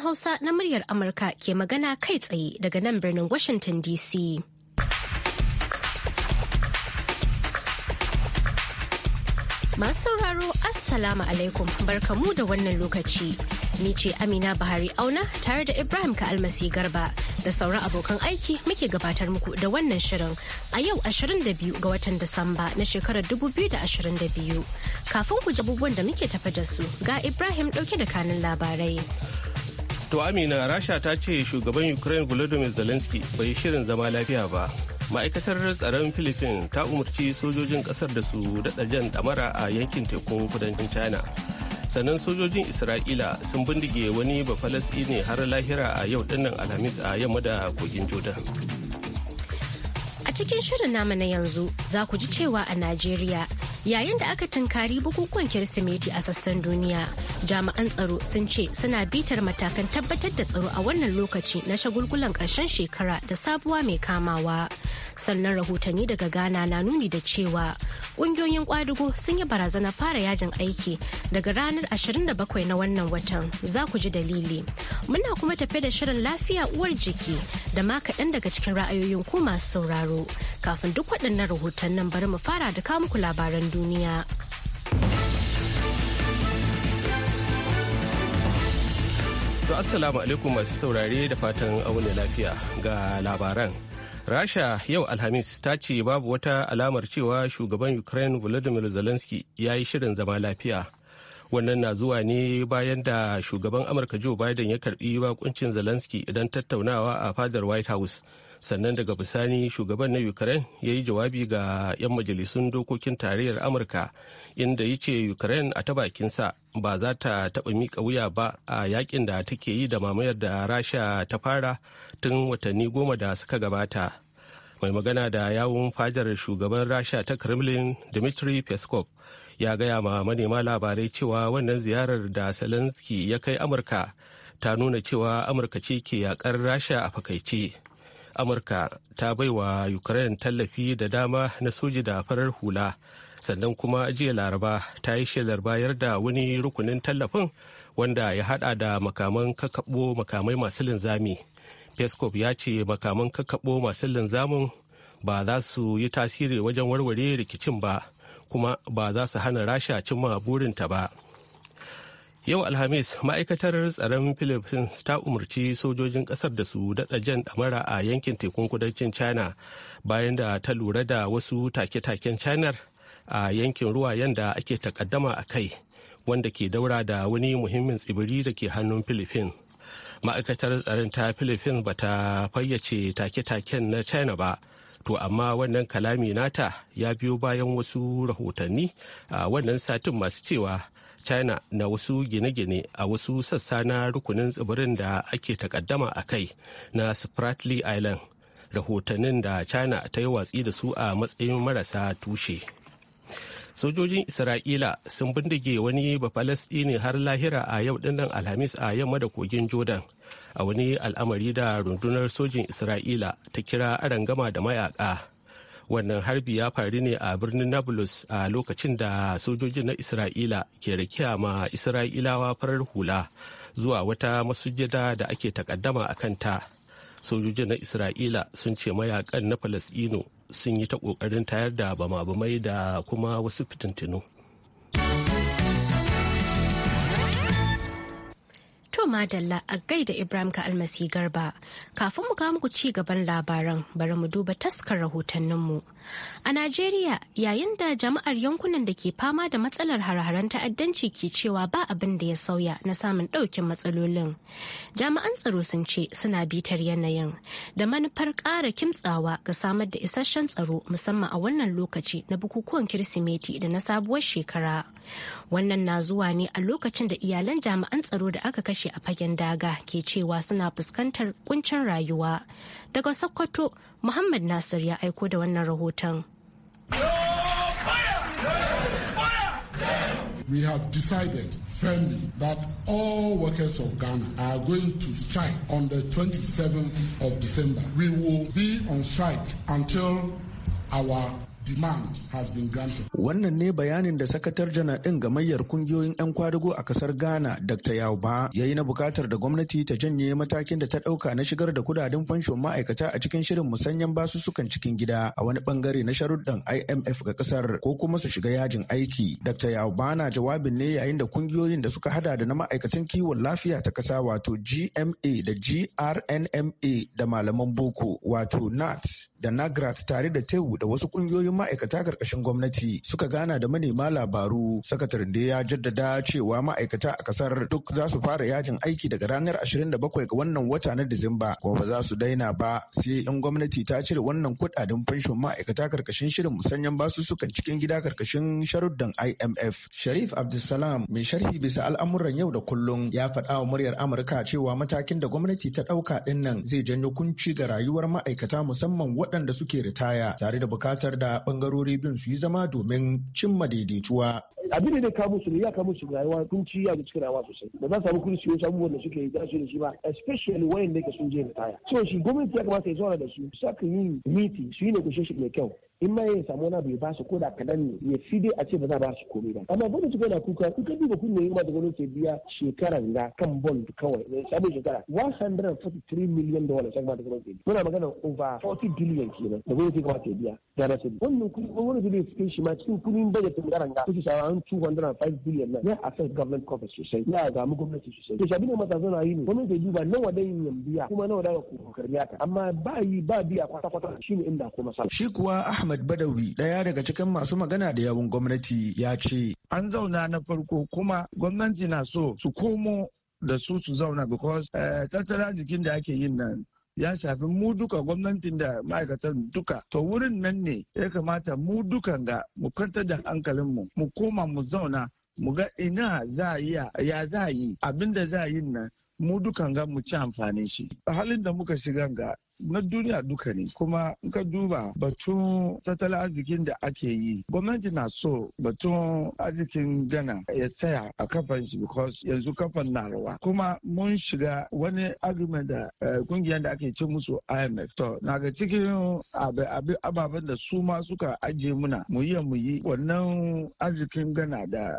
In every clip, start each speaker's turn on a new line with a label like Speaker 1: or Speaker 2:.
Speaker 1: Hausa na muryar Amurka ke magana kai tsaye daga nan birnin Washington DC. Masu sauraro Assalamu alaikum barkamu da wannan lokaci. Ni ce Amina bahari Auna tare da Ibrahim ka almasi Garba da sauran abokan aiki muke gabatar muku da wannan shirin a yau 22 ga watan Disamba na shekarar 2022. Kafin ku ji abubuwan da muke tafa da su ga Ibrahim ɗauke da kanin labarai.
Speaker 2: To Amina, Rasha ta ce shugaban Ukraine Volodymyr Zelensky bai shirin zama lafiya ba. Ma'aikatar tsaron Philippines ta umarci sojojin kasar da su daɗa jan ɗamara a yankin tekun kudancin China. Sannan sojojin Isra'ila sun bindige wani ne har lahira a yau dinnan Alhamis a yamma da kogin Jordan.
Speaker 1: A cikin shirin namu na yanzu za ku ji cewa a Najeriya yayin da aka tunkari bukukuwan kirsimeti a sassan duniya jami'an tsaro sun ce suna bitar matakan tabbatar da tsaro a wannan lokaci na shagulgulan ƙarshen shekara da sabuwa mai kamawa sannan rahotanni daga ghana na nuni da cewa ƙungiyoyin kwadugo sun yi barazana fara yajin aiki daga ranar 27 na wannan watan za ku ji dalili muna kuma tafe da shirin lafiya uwar jiki da ma kaɗan daga cikin ra'ayoyin ku masu sauraro kafin duk waɗannan rahotannin bari mu fara da muku labaran duniya.
Speaker 2: To Assalamu alaikum masu saurare da fatan auna lafiya ga labaran. Rasha yau Alhamis ta ce babu wata alamar cewa shugaban Ukraine Volodymyr Zelensky ya yi shirin zama lafiya. Wannan na zuwa ne bayan da shugaban Amurka Joe Biden ya karbi bakuncin Zelensky idan tattaunawa a fadar White House. sannan daga bisani shugaban na ukraine ya yi jawabi ga 'yan majalisun dokokin tarayyar amurka inda ya ce ukraine a ta bakin sa ba za ta taba mika wuya ba a yakin da take yi da mamayar da rasha ta fara tun watanni goma da suka gabata mai magana da yawun fadar shugaban rasha ta kremlin dmitry peskov ya gaya ma manema labarai cewa wannan ziyarar da zelensky ya kai amurka ta nuna cewa amurka ce ke yakar rasha a fakaice amurka ta baiwa ukraine tallafi da dama na soji da farar hula sannan kuma jiya laraba ta yi shelar bayar da wani rukunin tallafin wanda ya hada da makaman kakabo makamai masu linzami peskov ya ce makaman kakabo masu linzamin ba za su yi tasiri wajen warware rikicin ba kuma ba za su hana rasha cimma burinta ba Yau Alhamis, ma'aikatar tsaron Philippines ta umarci sojojin kasar da su daɗa jan ɗamara a yankin tekun kudancin China bayan da ta lura da wasu take-taken China a yankin ruwa yanda ake takaddama a kai, wanda ke daura da wani muhimmin tsibiri da ke hannun Philippines. ma'aikatar tsaron ta philippines ba ta fayyace take-taken na china ba to amma wannan kalami nata ya biyo bayan wasu rahotanni a wannan satin masu cewa china na wasu gine-gine a wasu sassa na rukunin tsibirin da ake takaddama a kai na spratly island rahotannin da china ta yi watsi da su a matsayin marasa tushe sojojin isra'ila sun bindige wani bafalastini har lahira a yau dinnan alhamis a yamma da kogin jordan a wani al'amari da rundunar sojin isra'ila ta kira arangama da mayaka wannan harbi ya faru ne a birnin nablus a lokacin da sojojin na isra'ila ke rikiya ma isra'ilawa farar hula zuwa wata masujada da ake takaddama a kanta sojojin na isra'ila sun ce mayakan na falasino sun yi ta kokarin tayar da bama-bamai da kuma wasu fitintinu
Speaker 1: To Madalla a gaida Ibrahim ka almasi garba. Kafin mu kawo muku ci gaban labaran bari mu duba taskar rahotanninmu. A Najeriya yayin da jama'ar yankunan da ke fama da matsalar har ta'addanci ke cewa ba abin da ya sauya na samun ɗaukin matsalolin. Jami'an tsaro sun ce suna bitar yanayin da manufar ƙara kimtsawa ga samar da isasshen tsaro musamman a wannan lokaci na bukukuwan Kirsimeti da na sabuwar shekara. Wannan na zuwa ne a lokacin da iyalan jami'an tsaro da aka kashe tashi a fagen daga ke cewa suna fuskantar kuncin rayuwa. Daga Sokoto, Muhammad Nasir ya aiko da wannan rahoton.
Speaker 3: We have decided firmly that all workers of Ghana are going to strike on the 27th of December. We will be on strike until our
Speaker 4: Wannan ne bayanin da sakatar jana ɗin gamayyar kungiyoyin 'yan kwadugo a kasar Ghana Dr. Yauba ya yi na bukatar da gwamnati ta janye matakin da ta ɗauka na shigar da kudaden fanshon ma'aikata a cikin shirin musanyen basussukan cikin gida a wani bangare na sharuɗan IMF ga kasar ko kuma su shiga yajin aiki. Dr. Yauba na jawabin ne yayin da kungiyoyin da suka hada da na ma'aikatan kiwon lafiya ta ƙasa wato GMA da GRNMA da malaman boko wato NAT da nagrat tare da tewu da wasu kungiyoyin ma'aikata karkashin gwamnati suka gana da manema labaru sakatar da ya jaddada cewa ma'aikata a kasar duk za su fara yajin aiki daga ranar 27 ga wannan wata na disamba kuma ba za su daina ba sai in gwamnati ta cire wannan kudaden fanshon ma'aikata karkashin shirin musanyen basussukan cikin gida karkashin sharuddan imf sharif abdulsalam mai sharhi bisa al'amuran yau da kullum ya faɗa wa muryar amurka cewa matakin da gwamnati ta ɗauka ɗin nan zai janyo kunci ga rayuwar ma'aikata musamman waɗanda suke ritaya tare da bukatar da bangarori biyun su yi zama domin cimma
Speaker 3: daidaituwa. abin da ka musu ne ya ka musu rayuwa tun ci ya da cikin rayuwa sosai ba za su samu kunci wasu abubuwan da suke yi su da shi ba especially wayan da ke sun je ritaya so shi gwamnati ya kamata ya zauna da su saka yin miti su yi negotiation mai kyau in ma yin samu bai ba su koda kadan ne ya fi dai a ce ba za ba su komai ba amma gwamnati na kuka in ka duba ne ba da gwamnati biya shekaran ga kan bond kawai ne eh, sabon shekara 143 million dollars ya da gwamnati biya muna magana over 40 billion kenan da gwamnati kamata ya biya da na sabi wannan kuɗi gwamnati bai cikin shi ma cikin kuɗin budget din garan ga kuke sawa an 205 billion nan ya affect government coffers sosai ya ga mu gwamnati sosai to shabi ne matasa na yi ne gwamnati duba nawa dai yin biya kuma nawa da ku karbiya ta amma ba yi ba biya kwata-kwata shine inda
Speaker 4: ko masala shi kuwa Ahmad Ahmad Badawi ɗaya daga cikin masu magana da yawun gwamnati ya ce.
Speaker 5: An zauna na farko kuma gwamnati na so su komo da su su zauna because eh, tattara jikin da ake yin nan ya shafi mu duka gwamnatin da ma'aikatan duka to wurin nan ne ya kamata mu dukan ga mu kwantar da hankalinmu mu koma mu zauna mu ga ina za iya ya za yi abin da za yin nan mu dukan ga mu ci amfanin shi halin da muka shiga ga na duniya duka ne kuma in ka duba batun tattalin arzikin da ake yi gwamnati na so batun arzikin gana ya tsaya a kafan shi because yanzu kafan na rawa kuma mun shiga wani argument da eh, kungiyar da ake ce musu imf to na ga cikin ababen da su ma suka ajiye muna mu yi mu yi wannan arzikin gana da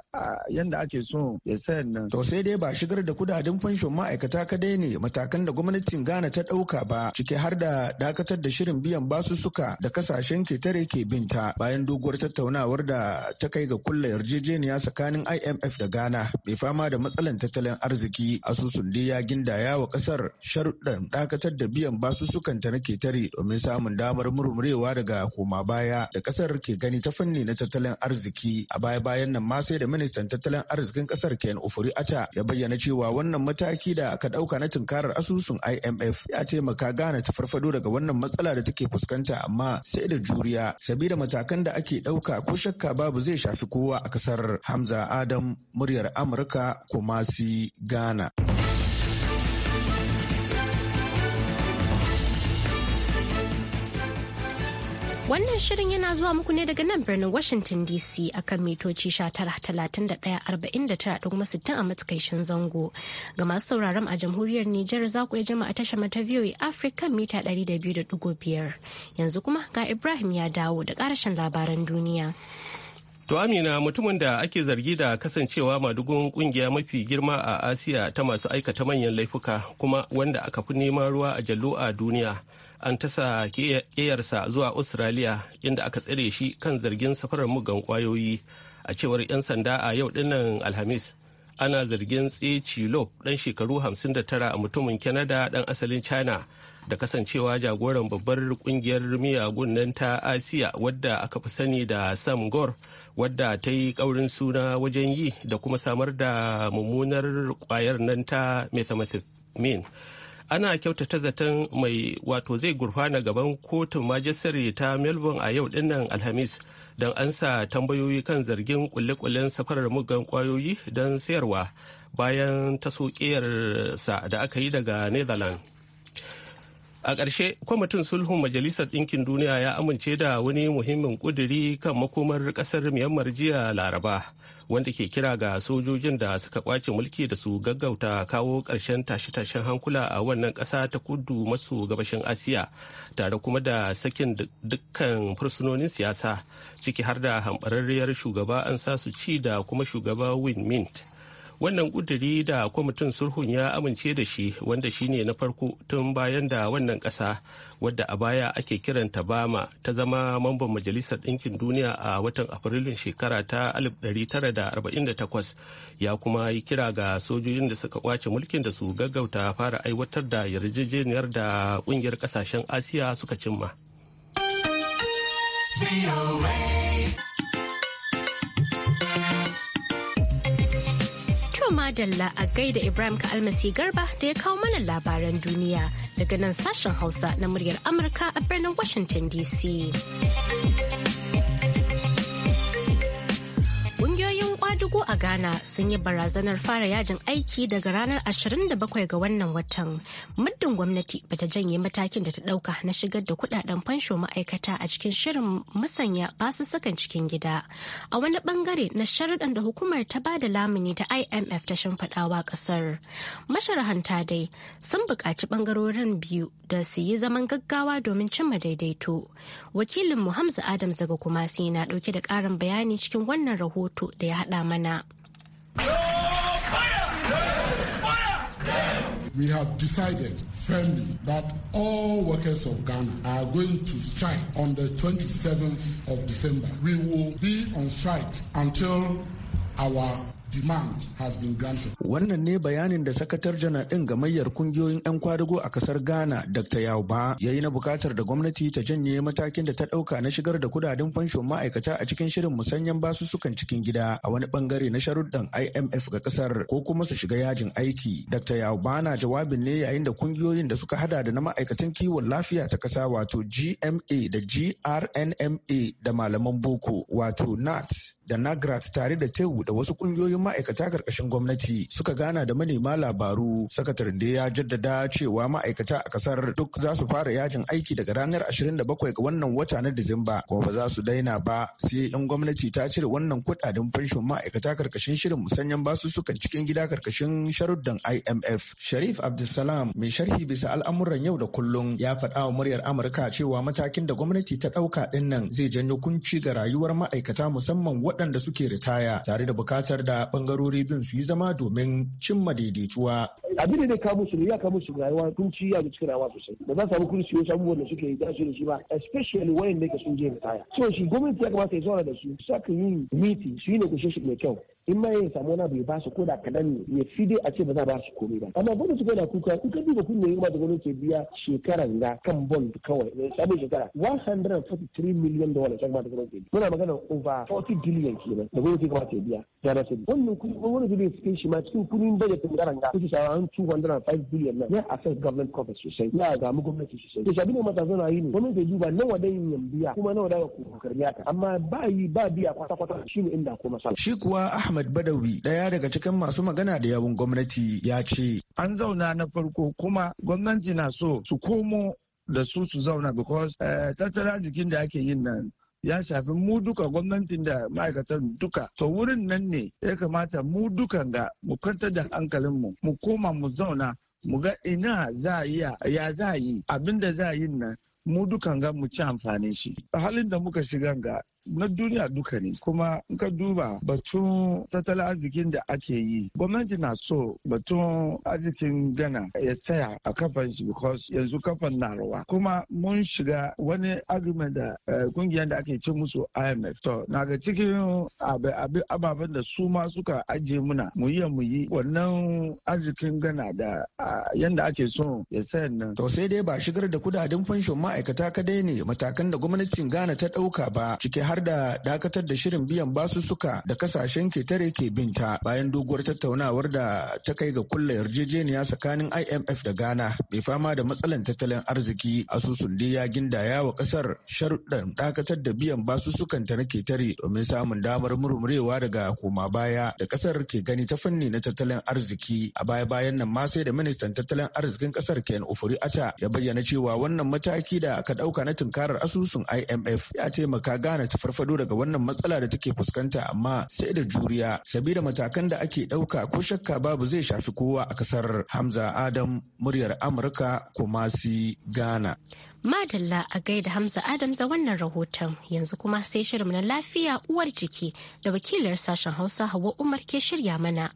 Speaker 5: yanda ake so ya tsaya nan to sai dai ba shigar da kudaden
Speaker 4: fanshon ma'aikata kadai ne matakan da gwamnatin gana ta ɗauka ba ciki har har da dakatar da shirin biyan basussuka da kasashen ketare ke binta bayan doguwar tattaunawar da ta kai ga kulla yarjejeniya tsakanin IMF da Ghana mai fama da matsalan tattalin arziki asusun dai ya gindaya wa kasar sharuɗan dakatar da biyan basussukanta na ketare domin samun damar murmurewa daga koma baya da kasar ke gani ta fanni na tattalin arziki a baya bayan nan ma sai da ministan tattalin arzikin kasar Ken ofuri Ata ya bayyana cewa wannan mataki da aka ɗauka na tunkarar asusun IMF ya taimaka Ghana ta farfado daga wannan matsala da take fuskanta amma sai da juriya sabida matakan da ake ɗauka ko shakka babu zai shafi kowa a kasar Hamza Adam muryar Amurka Kumasi Ghana.
Speaker 1: Wannan shirin yana zuwa muku ne daga nan birnin Washington DC akan mitoci 19,31,49 da kuma a matsakaicin zango. Ga masu sauraron a jamhuriyar Nijar za ku iya a tashar mata VOA Africa mita 200.5. Yanzu kuma ga Ibrahim ya dawo da karashin labaran duniya.
Speaker 2: To Amina mutumin da ake zargi da kasancewa madugun kungiya mafi girma a Asiya ta masu aikata manyan laifuka kuma wanda aka fi neman ruwa a jallo a duniya. an tasa ƙeyarsa zuwa australia inda aka tsare shi kan zargin safarar mugan kwayoyi a cewar 'yan sanda a yau dinnan alhamis ana zargin tse lo dan shekaru 59 a mutumin canada dan asalin china da kasancewa jagoran babbar kungiyar miyagun nan ta asiya wadda aka fi sani da sam gore wadda ta yi kaurin suna wajen yi da kuma samar da mummunar kwayar nan ta methamphetamine ana kyautata zaton mai wato zai gurfana gaban kotun majistare ta melbourne a yau dinnan alhamis don ansa tambayoyi kan zargin kulle-kullen safarar muggan kwayoyi don sayarwa bayan ta sa da aka yi daga netherlands a ƙarshe kwamitin sulhun majalisar ɗinkin duniya ya amince da wani muhimmin ƙuduri kan makomar ƙasar myanmar jiya laraba wanda ke kira ga sojojin da suka kwace mulki da su gaggauta kawo ƙarshen tashe-tashen hankula a wannan ƙasa ta kudu maso gabashin asiya tare kuma da sakin dukkan fursunonin siyasa ciki har da hambararriyar shugaba an sa su ci da kuma shugaba win mint wannan ƙuduri da kwamitin sulhun ya amince da shi wanda shi ne na farko tun bayan da wannan ƙasa wadda a baya ake kiranta bama ta zama mamban majalisar ɗinkin duniya a watan afrilun shekara ta 1948 ya kuma yi kira ga sojojin da suka kwace mulkin da su gaggauta fara aiwatar da yarjejeniyar da ƙungiyar ƙasashen asiya suka cimma.
Speaker 1: Dalla a gaida Ibrahim ka almasi garba da ya kawo mana labaran duniya daga nan sashen Hausa na muryar Amurka a birnin Washington DC. Ƙungiyoyin kwadugo Ghana sun yi barazanar fara yajin aiki daga ranar 27 ga wannan watan. Muddin gwamnati bata janye matakin da ta dauka na shigar da kudaden fansho ma'aikata a cikin shirin musanya basussukan cikin gida. A wani bangare na sharuɗan da hukumar ta ba da lamuni ta IMF ta shimfiɗawa ƙasar. Masharahanta dai sun buƙaci bangarorin biyu da su yi zaman gaggawa domin cimma daidaito. Wakilin Hamza adam daga Kumasi na ɗauke da ƙarin bayani cikin wannan rahoto da ya haɗa mana.
Speaker 3: we have decided firmly that all workers of Ghana are going to strike on the 27th of December. We will be on strike until our
Speaker 4: Wannan ne bayanin da sakatar janar ɗin gamayyar kungiyoyin 'yan kwadago a kasar Ghana Dr. Yauba ya yi na bukatar da gwamnati ta janye matakin da ta ɗauka na shigar da kudaden fanshon ma'aikata a cikin shirin musanyen basussukan cikin gida a wani bangare na sharurɗan IMF ga kasar ko kuma su shiga yajin aiki. Dr. Yauba na jawabin ne yayin da kungiyoyin da suka hada da na ma'aikatan kiwon lafiya ta kasa wato GMA da GRNMA da malaman boko wato NAT da NAGRAT tare da tewu da wasu kungiyoyin kungiyoyin ma'aikata karkashin gwamnati suka gana da manema labaru sakataren da ya jaddada cewa ma'aikata a kasar duk za su fara yajin aiki daga ranar 27 ga wannan wata na Disamba kuma ba za su daina ba sai 'yan gwamnati ta cire wannan kudaden fanshon ma'aikata karkashin shirin musanyen basussukan cikin gida karkashin sharuddan IMF. Sharif Abdulsalam mai sharhi bisa al'amuran yau da kullum ya faɗa wa muryar Amurka cewa matakin da gwamnati ta ɗauka ɗin nan zai janyo kunci ga rayuwar ma'aikata musamman waɗanda suke ritaya tare da bukatar da bangarori bin su yi zama domin cimma daidaituwa.
Speaker 3: abin da zai kawo musu ne ya kawo musu rayuwa kunci ya cikin rayuwa sosai ba za su samu kunci wasu abubuwan da suke da su da shi ba especially wayan da ka sun je ritaya so shi gwamnati ya kamata ya zauna da su sakin yin miti su yi ne kushe shi mai kyau in ma ya samu wani abu ya su ko da kadan ne ya fi dai a ce ba za ba su komai ba amma gwamnati su gwada kuka kuka bi duba kunne ba da gwamnati ke biya shekaran ga kan bond kawai ne eh, sabon shekara 143 million dollars ya kamata gwamnati biya muna magana over 40 billion kenan da gwamnati kamata ya biya da na sabi wannan kuɗi gwamnati bai suke shi ma cikin kuɗin budget din garan ga kuke shawaran 205 billion na ya affect government coffers sosai ya gamu gwamnati sosai to shabi ne matasa na yi ne gwamnati duba nawa dai yin biya kuma nawa da ku karbiya amma ba yi ba biya kwata-kwata shi ne inda
Speaker 4: ko masala shi kuwa Ahmad Badawi ɗaya daga cikin masu magana da yawun gwamnati ya ce.
Speaker 5: An zauna na farko kuma gwamnati na so su komo da su su zauna because eh, tattalin jikin da ake yin nan ya shafi mu duka gwamnatin da ma'aikatan duka to wurin nan ne ya kamata mu dukan ga mu kwantar da hankalinmu mu koma mu zauna mu ga ina za a iya ya za a yi abin da za a yi nan mu dukan ga mu ci amfani shi halin da muka shiga ga na duniya duka ne kuma in ka duba batun tattalin arzikin da ake yi gwamnati na so batun arzikin gana ya tsaya a kafan shi because yanzu kafan na rawa kuma mun shiga wani argument da eh, kungiyar da ake ce musu imf to na ga cikin ababen da su ma suka ajiye muna mu yi mu yi wannan arzikin gana da yanda ake so ya tsaya nan to sai dai ba shigar da kudaden fanshon ma'aikata
Speaker 4: kadai ne matakan da gwamnatin ghana ta ɗauka ba ciki har da dakatar da shirin biyan basussuka da kasashen ketare ke binta bayan doguwar tattaunawar da ta kai ga kulla yarjejeniya tsakanin imf da ghana mai fama da matsalan tattalin arziki asusun dai ya gindaya wa kasar sharuɗan dakatar da biyan basussukan ta na ketare domin samun damar murmurewa daga koma baya da kasar ke gani ta fanni na tattalin arziki a baya bayan nan ma sai da ministan tattalin arzikin kasar ken ofuri ata ya bayyana cewa wannan mataki da aka ɗauka na tunkarar asusun imf ya taimaka ghana ta farfado daga wannan matsala da take fuskanta amma sai da juriya sabida matakan da ake ɗauka ko shakka babu zai shafi kowa a kasar Hamza Adam muryar Amurka Kumasi Ghana.
Speaker 1: Madalla a gaida Hamza Adam da wannan rahoton yanzu kuma sai shirin na lafiya uwar jiki da wakilar sashen Hausa Hawa Umar ke shirya mana.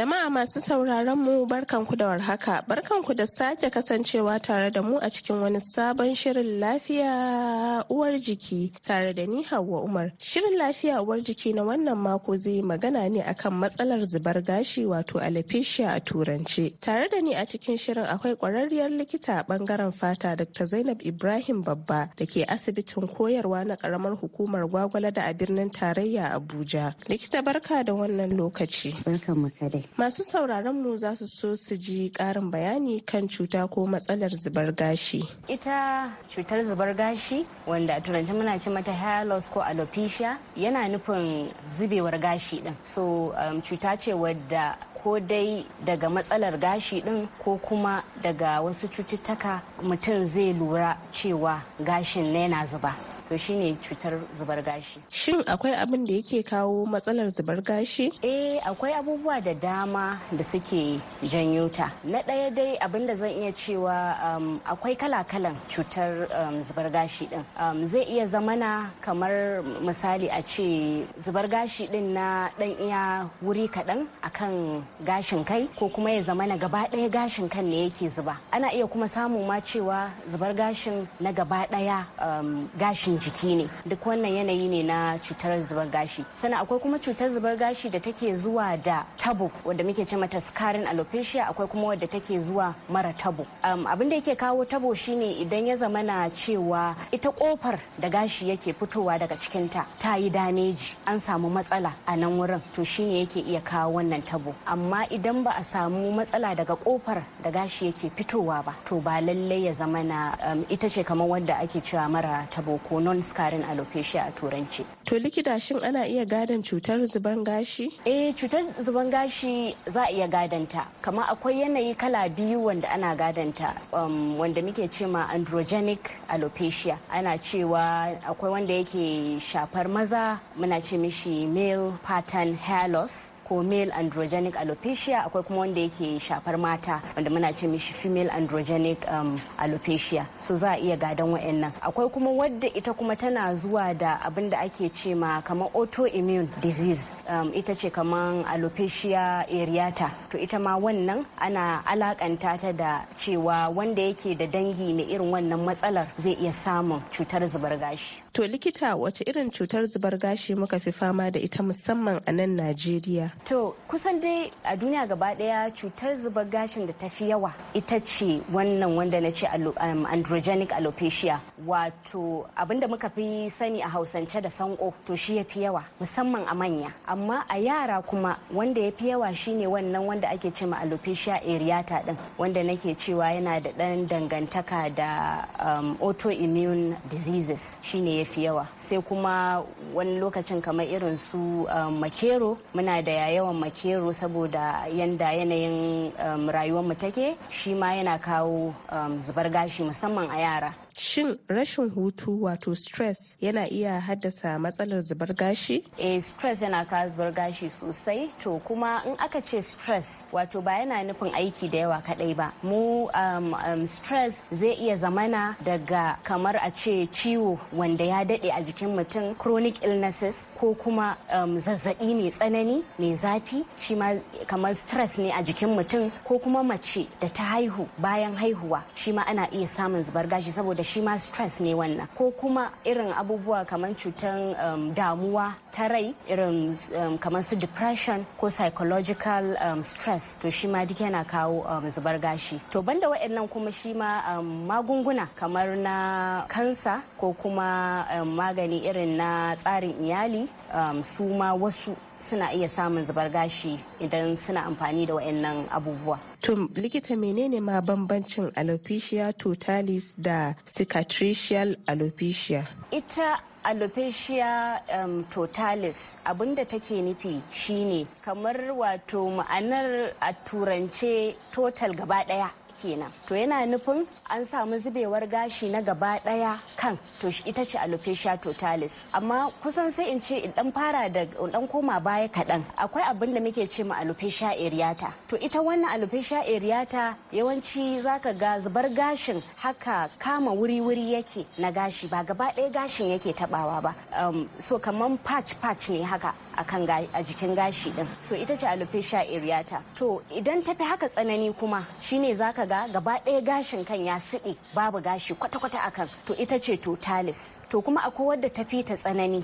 Speaker 6: Jama'a masu sauraron mu barkanku da warhaka, barkanku da sake kasancewa tare da mu a cikin wani sabon shirin lafiya uwar jiki tare da ni Hauwa Umar. Shirin lafiya uwar jiki na wannan mako zai yi magana ne akan matsalar zubar gashi wato alopecia a turance. Tare da ni a cikin shirin akwai kwararriyar likita a bangaren fata Dr. Zainab Ibrahim Babba da ke asibitin koyarwa na karamar hukumar Gwagwala da a birnin tarayya Abuja. Likita barka da wannan lokaci. Barkan mu kadai. Masu sauraron mu za su so su ji ƙarin bayani kan cuta ko matsalar zubar gashi.
Speaker 7: Ita cutar zubar gashi wanda a turanci muna ce mata hairless ko alopecia yana nufin zubewar gashi din. So um, cuta ce wadda ko dai daga matsalar gashi din ko kuma daga wasu cututtuka mutum zai lura cewa gashin na yana zuba. to shine cutar zubar gashi shin akwai abin da yake kawo matsalar zubar gashi eh akwai abubuwa da dama da suke janyo ta na ɗaya dai abin da zan iya cewa um, akwai kala-kalan cutar um, zubar gashi din um, zai iya zamana kamar misali a ce zubar gashi din na ɗan iya wuri kaɗan akan gashin kai ko kuma ya zamana gaba ɗaya gashin kan ne yake zuba ana iya kuma samu ma cewa zubar gashin na gaba ɗaya um, gashin jiki ne duk wannan yanayi ne na cutar zubar gashi sannan akwai kuma cutar zubar gashi da take zuwa da tabo wadda muke ce mata scarring alopecia akwai kuma wadda take zuwa mara tabo um, abin da yake kawo tabo shine idan ya zama na cewa ita kofar da gashi yake fitowa daga cikin ta ta yi dameji an samu matsala a nan wurin to shine yake iya kawo wannan tabo amma idan ba a samu matsala daga kofar da gashi yake fitowa ba to ba lallai ya zamana um, ita ce kamar wadda ake cewa mara tabo ko non-scarring alopecia a turanci. To likita shin ana iya gadon cutar zuban gashi? Eh cutar zuban gashi za a iya gadanta. Kama akwai yanayi kala biyu wanda ana gadanta um, wanda muke cema androgenic alopecia. Ana cewa akwai wanda yake shafar maza muna ce mishi male pattern hair loss. ko male androgenic alopecia akwai kuma wanda yake shafar mata wanda muna ce mishi female androgenic um, alopecia so za a iya gadon wa'annan akwai kuma wadda ita kuma tana zuwa da abin da ake ce ma kamar autoimmune disease um, ita ce kamar alopecia areata to ita ma wannan ana alakanta ta da cewa wanda yake da dangi mai irin wannan matsalar zai iya samun cutar zubar gashi
Speaker 6: To likita wace irin cutar zubar gashi muka fi fama da ita musamman a nan Najeriya?
Speaker 7: To kusan dai a duniya gaba daya cutar zubar gashin da ta fi yawa ita ce wannan wanda na ce um, androgenic alopecia wato abinda muka fi sani a hausance da sanko to shi ya fi yawa musamman a manya amma a yara kuma wanda ya fi yawa shine wannan wanda ake ce ma alopecia areata din wanda nake cewa yana da dan dangantaka da um, autoimmune diseases shine ya fi yawa sai kuma wani lokacin kamar irin su um, makero muna da yawan makero saboda yanda yanayin um, rayuwar mu take shi ma yana kawo um, zubar gashi musamman a yara Shin rashin hutu wato stress yana iya haddasa matsalar zubar gashi? Eh stress yana kawo zubar gashi sosai to kuma in aka ce stress wato ba yana nufin aiki da yawa kadai ba. Mu um, um, stress zai iya zamana daga kamar a ce ciwo wanda ya daɗe a jikin mutum chronic illnesses ko kuma um, zazzabi mai tsanani mai zafi shi ma kamar stress ne a jikin mutum ko kuma mace da ta haihu bayan haihuwa shi ma ana iya samun zubar gashi saboda shi ma stress ne wannan ko kuma irin abubuwa kamar cutar um, damuwa ta rai irin um, kamar su depression ko psychological um, stress to shi ma duk yana kawo um, zubar gashi to banda wa'annan kuma shi ma um, magunguna kamar na kansa ko kuma magani irin na tsarin iyali um, su ma wasu suna iya samun zubar gashi idan suna amfani da wayannan abubuwa.
Speaker 6: Tum likita menene ma bambancin alopecia totalis da cicatricial alopecia?
Speaker 7: Ita alopecia um, totalis abinda take nufi shine kamar wato ma'anar a turance total gaba daya kenan to yana nufin an samu zubewar gashi na gaba daya kan to ita ce alopecia totalis amma kusan sai in ce in dan fara da dan koma baya kadan akwai abin da muke ce ma alopecia areata to ita wannan alopecia areata yawanci zaka ga zubar gashin haka kama wuri-wuri yake na gashi ba gaba daya gashin yake tabawa ba so kaman patch patch ne haka akan a jikin gashi din so ita ce alopecia areata to idan tafi haka tsanani kuma shine zaka ga gaba ɗaya gashin kan ya siɗe babu gashi kwata-kwata akan to ita ce totalis to kuma akwai wadda tafi ta tsanani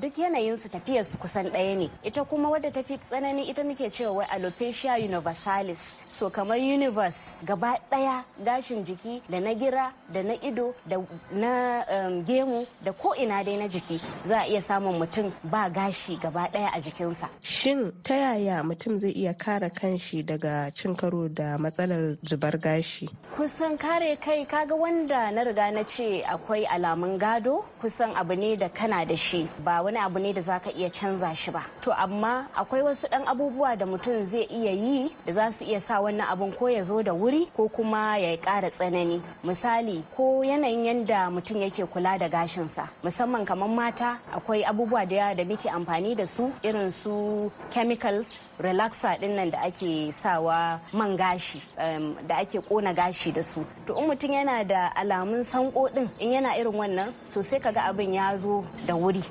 Speaker 7: duk yanayin su tafiyar su kusan ɗaya ne ita kuma wadda tafi tsanani ita muke cewa wai alopecia universalis so kamar universe gaba daya gashin jiki da na gira da na ido da na um, gemu da ko ina dai na jiki za a iya samun mutum ba gashi gaba daya a jikinsa
Speaker 6: shin ta yaya mutum zai iya kare kanshi daga cin karo da matsalar zubar gashi
Speaker 7: kusan kare kai kaga wanda na riga na ce akwai alamun gado kusan abu ne da kana da shi ba wani abu ne da zaka iya canza shi ba to amma akwai wasu dan abubuwa da mutum zai iya yi da za su iya sa wannan abin ko ya zo da wuri ko kuma ya ƙara tsanani misali ko yanayin yadda mutum yake kula da gashinsa musamman kamar mata akwai abubuwa da yawa da muke amfani da su irin su chemicals relaxer dinnan da ake sawa man gashi da ake kona gashi da su to in mutum yana da alamun sanko din in yana irin wannan to sai kaga abin ya zo da wuri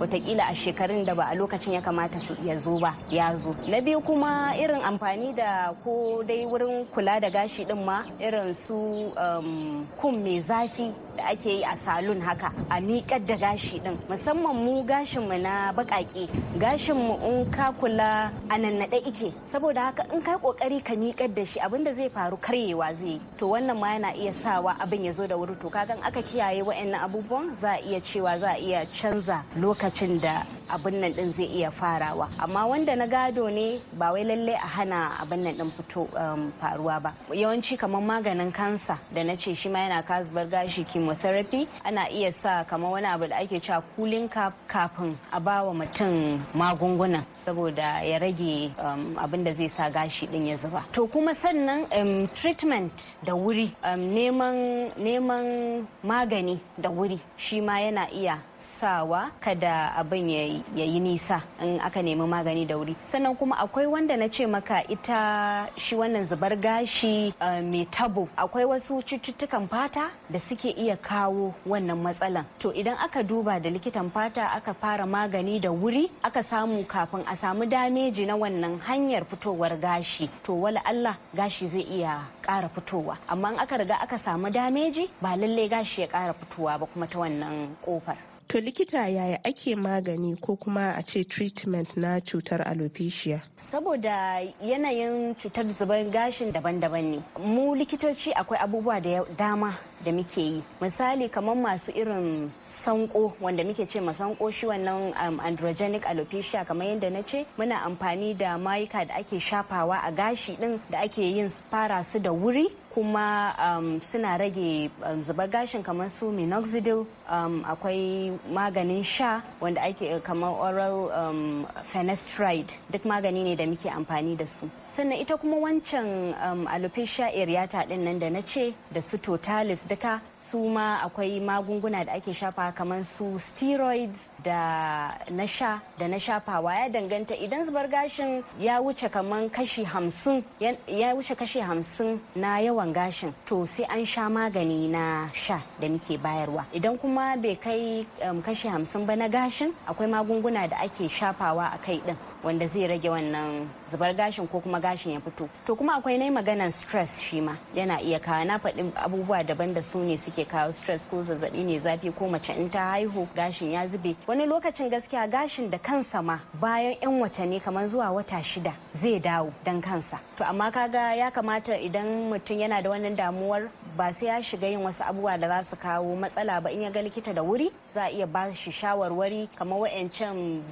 Speaker 7: watakila a shekarun da ba a lokacin ya kamata su ya zo ba ya zo na biyu kuma irin amfani da ko dai wurin kula da gashi din ma irin su um, kum mai zafi da ake yi a salon haka a miƙar da gashi din musamman mu gashin mu na baƙaƙe gashin mu in ka kula a nannaɗe ike saboda haka in ka kokari ka miƙar da shi abinda zai faru karyewa zai yi to wannan ma yana iya sawa abin ya zo da wuri to ka kagan aka kiyaye wa'annan abubuwan za a iya cewa za a iya canza lokacin lokacin da abin nan din zai iya farawa amma wanda na gado ne ba wai lalle a hana abin nan din fito um, faruwa ba yawanci kamar maganin kansa da na ce shi ma yana kasbar gashi chemotherapy ana iya sa kamar wani abu da ake cewa kulin kafin a ba mutum magungunan saboda ya rage um, abin da zai sa gashi din ya zuba to kuma sannan um, treatment da wuri neman magani da wuri shi ma yana iya sawa kada abin ya Yayi ya yi nisa in aka nemi magani da wuri sannan kuma akwai wanda na ce maka ita shi wannan zubar gashi eh, mai tabo akwai wasu cututtukan fata da suke iya kawo wannan matsalan to idan aka duba da likitan fata aka fara magani da wuri aka samu kafin a samu dameji na wannan hanyar fitowar gashi to wala Allah gashi zai iya kara fitowa amma in aka riga aka samu dameji ba lallai gashi ya kara fitowa ba kuma ta wannan ƙofar
Speaker 6: To likita yaya ake magani ko kuma a ce treatment na cutar alopecia?
Speaker 7: Saboda yanayin cutar zuban gashin daban-daban ne. Mu likitoci akwai abubuwa da dama da muke yi misali kamar masu irin sanko wanda muke ce sanko shi wannan um, androgenic alopecia kamar yadda na ce muna amfani da mayuka da ake shafawa a gashi din da ake yin fara su da wuri kuma um, suna rage um, zubar gashin kamar su minoxidil um, akwai maganin sha wanda ake eh, kamar oral um, fenestride duk magani ne da muke amfani da su sannan ita kuma wancan um, alopecia areata din nan da na ce da su totalis fita su ma akwai magunguna da ake shafa kamar su steroids da na sha da na shafawa ya danganta idan zubar gashin ya wuce kamar kashi hamsin ya wuce kashi hamsin na yawan gashin to sai an sha magani na sha da muke bayarwa idan kuma bai kai um, kashi hamsin ba na gashin akwai magunguna da ake shafawa a kai din wanda zai rage wannan zubar gashin ko kuma gashin ya fito to kuma akwai nai maganan stress shi ma yana iya kawo na faɗi abubuwa daban da su ne suke kawo stress ko zazzabi ne zafi ko mace in ta haihu gashin ya zube wani lokacin gaskiya gashin da kansa ma bayan yan watanni kamar zuwa wata shida zai dawo dan kansa to amma kaga ya kamata idan mutum yana da wannan damuwar ba sai ya shiga yin wasu abubuwa da za su kawo matsala ba in ya ga likita da wuri za a iya ba shi shawarwari kamar wa'ancan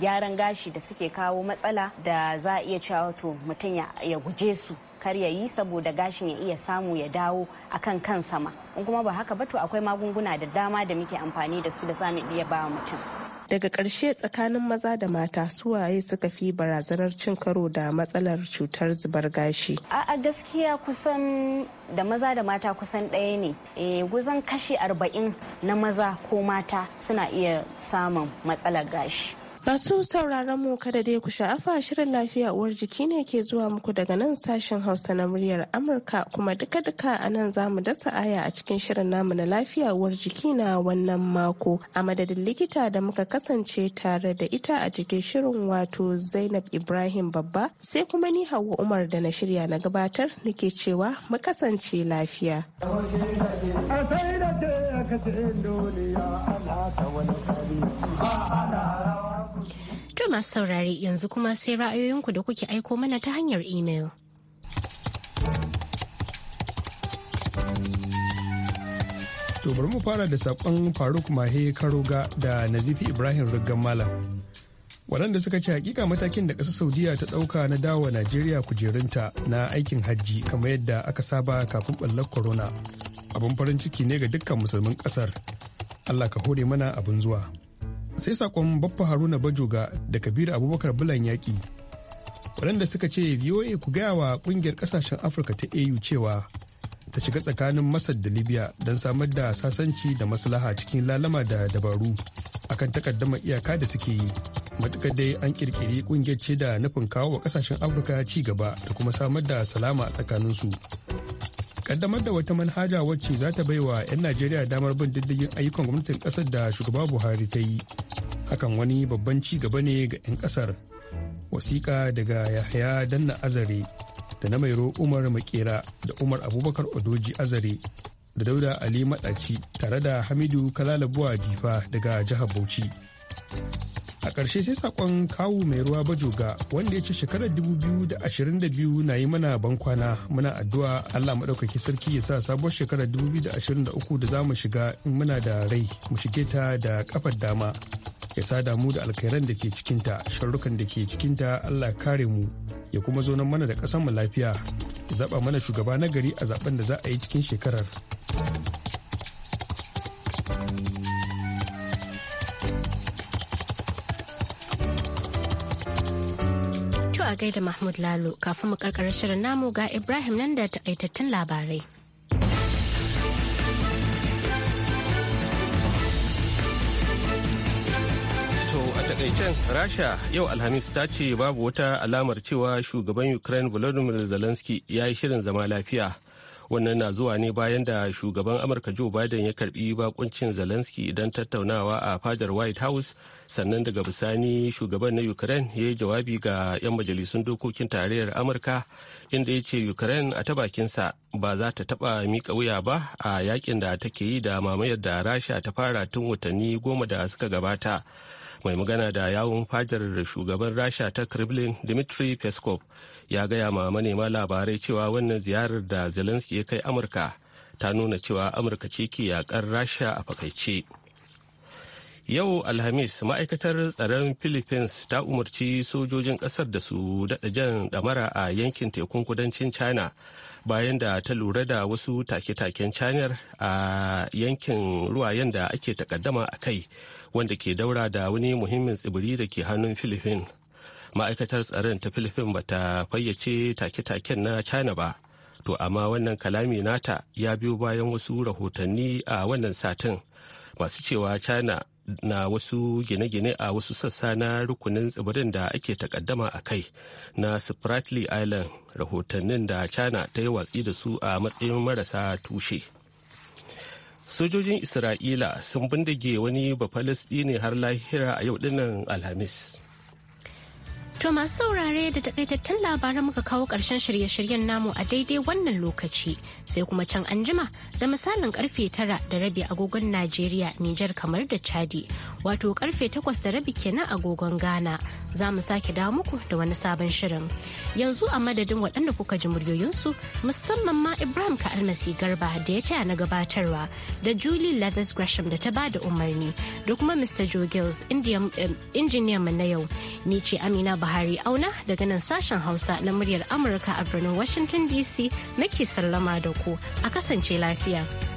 Speaker 7: gyaran gashi da suke suke kawo matsala da za a iya cewa to mutum ya guje su kar ya yi saboda gashin ya iya samu ya dawo akan kan sama in kuma ba haka ba to akwai magunguna da dama da muke amfani da su da za mu iya ba mutum
Speaker 6: daga karshe tsakanin maza da mata suwaye suka fi barazanar cin karo da matsalar cutar zubar gashi
Speaker 7: a gaskiya kusan da maza da mata kusan ɗaya ne e, guzan kashi arba'in na maza ko mata suna iya samun matsalar gashi Masu
Speaker 6: sauraron mu kada dai ku sha'afa shirin lafiya uwar jiki ne ke zuwa muku daga nan sashen Hausa na muryar Amurka kuma duka-duka a nan za mu dasa aya a cikin shirin namu na lafiya uwar jiki na wannan mako a madadin likita da muka kasance tare da ita a cikin shirin wato Zainab Ibrahim Babba sai kuma ni Hauwa Umar da na shirya na gabatar nake cewa mu kasance lafiya.
Speaker 3: To
Speaker 1: masu saurare yanzu kuma sai ra'ayoyinku da kuke aiko mana ta hanyar imel.
Speaker 8: To bari mu fara da saƙon Faruk Mahe Karoga da Nazifi Ibrahim Ruggan Malam. waɗanda suka ce hakika matakin da ƙasar saudiya ta ɗauka na dawa najeriya kujerunta na aikin hajji kamar yadda aka saba kafin ɓallar corona abin farin ciki ne ga dukkan musulmin kasar allah ka hore mana abin zuwa sai sakon baffa haruna bajoga da kabiru abubakar bulan yaƙi waɗanda suka ce voa ku gaya wa ƙungiyar ƙasashen afirka ta au cewa ta shiga tsakanin masar da libya don samar da sasanci da maslaha cikin lalama da dabaru akan takaddamar iyaka da suke yi matukar dai an kirkiri ƙungiyar ce da nufin kawo wa ƙasashen afirka ci gaba da kuma samar da salama a tsakaninsu kaddamar da wata manhaja wacce za ta baiwa 'yan najeriya damar bin diddigin ayyukan gwamnatin kasar da shugaba buhari ta yi hakan wani babban ci gaba ne ga 'yan kasar wasiƙa daga yahaya danna azare da na mairo umar makera da umar abubakar odoji azare da dauda ali maɗaci tare da hamidu kalalabuwa jifa daga jihar bauchi a ƙarshe sai sakon kawu mai ruwa bajoga wanda ya ce shekarar 2022 na yi mana bankwana muna addu'a allah maɗaukaki sarki ya sa sabuwar shekarar 2023 da za mu shiga in muna da rai mu shige ta da kafar dama ya sa damu da alkhairan da ke cikinta sharrukan da ke cikinta allah kare mu ya kuma zo nan mana da mu lafiya zaɓa mana shugaba na gari a zaɓen da za a yi cikin shekarar.
Speaker 1: a gaida Mahmud Lalo kafin mu karkar shirin namu ga Ibrahim nan da takaitattun labarai.
Speaker 2: takaicen rasha yau alhamis ta ce babu wata alamar cewa shugaban ukraine volodymyr zelensky ya yi shirin zama lafiya wannan na zuwa ne bayan da shugaban amurka joe biden ya karbi bakuncin zelensky don tattaunawa a fadar white house sannan daga bisani shugaban na ukraine ya yi jawabi ga 'yan majalisun dokokin tarayyar amurka inda ya ce ukraine a ta bakinsa ba za ta taba mika wuya ba a yakin da take yi da mamayar da rasha ta fara tun watanni goma da suka gabata mai magana da yawun fadar shugaban rasha ta kremlin dmitry peskov ya gaya ma manema labarai cewa wannan ziyarar da zelensky ya kai amurka ta nuna cewa amurka ce ke yakar rasha a fakaice yau alhamis ma'aikatar tsaron philippines ta umarci sojojin kasar da su daɗa jan ɗamara a yankin tekun kudancin china bayan da ta lura da wasu take-taken china a yankin ruwayen da ake takaddama a kai wanda ke daura da wani muhimmin tsibiri da ke hannun filifin ma'aikatar tsaron ta filifin ba ta fayyace take-taken na china ba to amma wannan kalami nata ya biyo bayan wasu rahotanni a wannan satin masu cewa china na wasu gine-gine a wasu sassa na rukunin tsibirin da ake takaddama a kai na spratly island rahotannin da china ta yi watsi da su a matsayin marasa tushe sojojin isra'ila sun bindige wani bafalistini har lahira a yau dinnan alhamis
Speaker 1: To masu saurare da takaitattun labaran muka kawo ƙarshen shirye-shiryen namu a daidai wannan lokaci sai kuma can anjima da misalin karfe tara da rabi agogon Najeriya, Nijar kamar da Chadi, wato karfe takwas da rabi kenan agogon Ghana. za mu sake dawo muku da wani sabon shirin yanzu a madadin waɗanda kuka ji muryoyinsu musamman ma ibrahim ka almasi garba da ya taya na gabatarwa da julie levis gresham da ta ba da umarni da kuma mr joe gills injiniyan mu na yau ni ce amina buhari auna daga nan sashen hausa na muryar amurka a birnin washington dc nake sallama da ku a kasance lafiya.